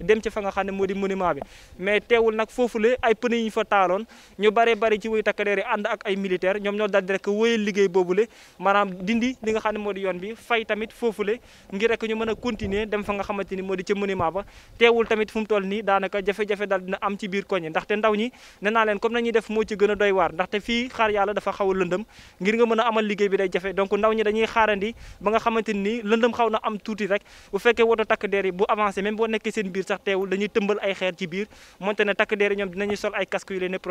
dem ci fa nga xam ne moo di monument bi mais teewul nag foofule ay pneu yi ñu fa taaloon ñu bare bari ci wuy takkadeer yi ànd ak ay militaire ñoom ñoo daldi rek wéyal liggéey boobule maanaam dindi li a continuer xamante ni moo di ca monument ba teewul tamit fu mu toll nii daanaka jafe-jafe daal dina am ci biir koñ ndaxte ndaw ñi nee leen comme nañuy def moo ci gën a doy waar ndaxte fii xaar yàlla dafa xaw a lëndëm ngir nga mën a amal liggéey bi day jafe donc ndaw ñi na am tuuti rek bu fekkee woto takk seen biir sax teewul dañuy tëmbal ay xeer ci biir moonte takk deer ñoom dinañuy sol ay casque yu lay nekk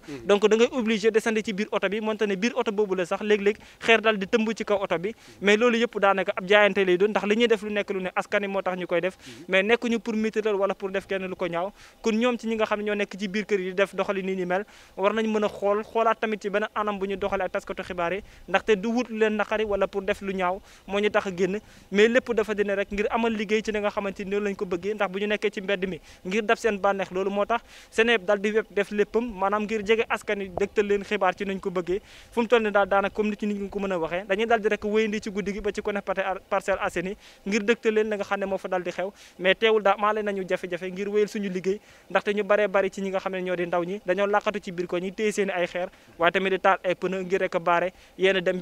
mm. donc da ngay ci biir oto bi moonte biir oto boobu la sax léeg-léeg xeer daal di tëmb ci kaw oto bi mm. mais loolu yëpp daanaka ab jaayante lay doon ndax li ñuy def lu nekk lu ne askan yi moo tax ñu koy def mm. mais nekkuñu pour mitiral wala pour def kenn lu ko ñaaw kon ñoom ci ñi nga xam ne ñoo nekk ci biir kër yi def doxali nii ni mel a xool xoolaat mën liggéey ci li nga xamante ni loolu lañ ko bëggee ndax bu ñu nekkee ci mbedd mi ngir daf seen bànneex loolu moo tax Seneweb daal di web def léppam maanaam ngir jege askan yi dégtal xibaar ci ne ngir dégtal nga xam ne moo fa daal di xew mais teewul daal maa leen jafe-jafe ngir wéyal suñu liggéey ndaxte ñu baree bari ci ñi nga xam ne ñoo di ndaw ñi dañoo laqatu ci biir ko ñi téye seen ay xeer waaye tamit di taal ay pneu ngir rek baare yenn dem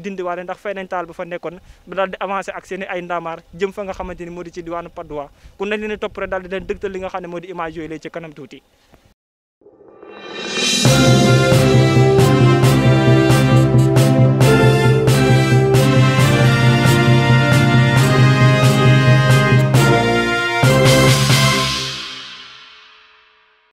dindiwaale ndax fay nañ taal ba fa nekkoon ba daal di avancé ak seen ay ndaamaar jëm fa nga xamante ni moo di ci diwaanu Patte d'Oie ku nañ leen topp rek daal di leen dëgtal li nga xam ne moo di image yooyu lay ci kanam tuuti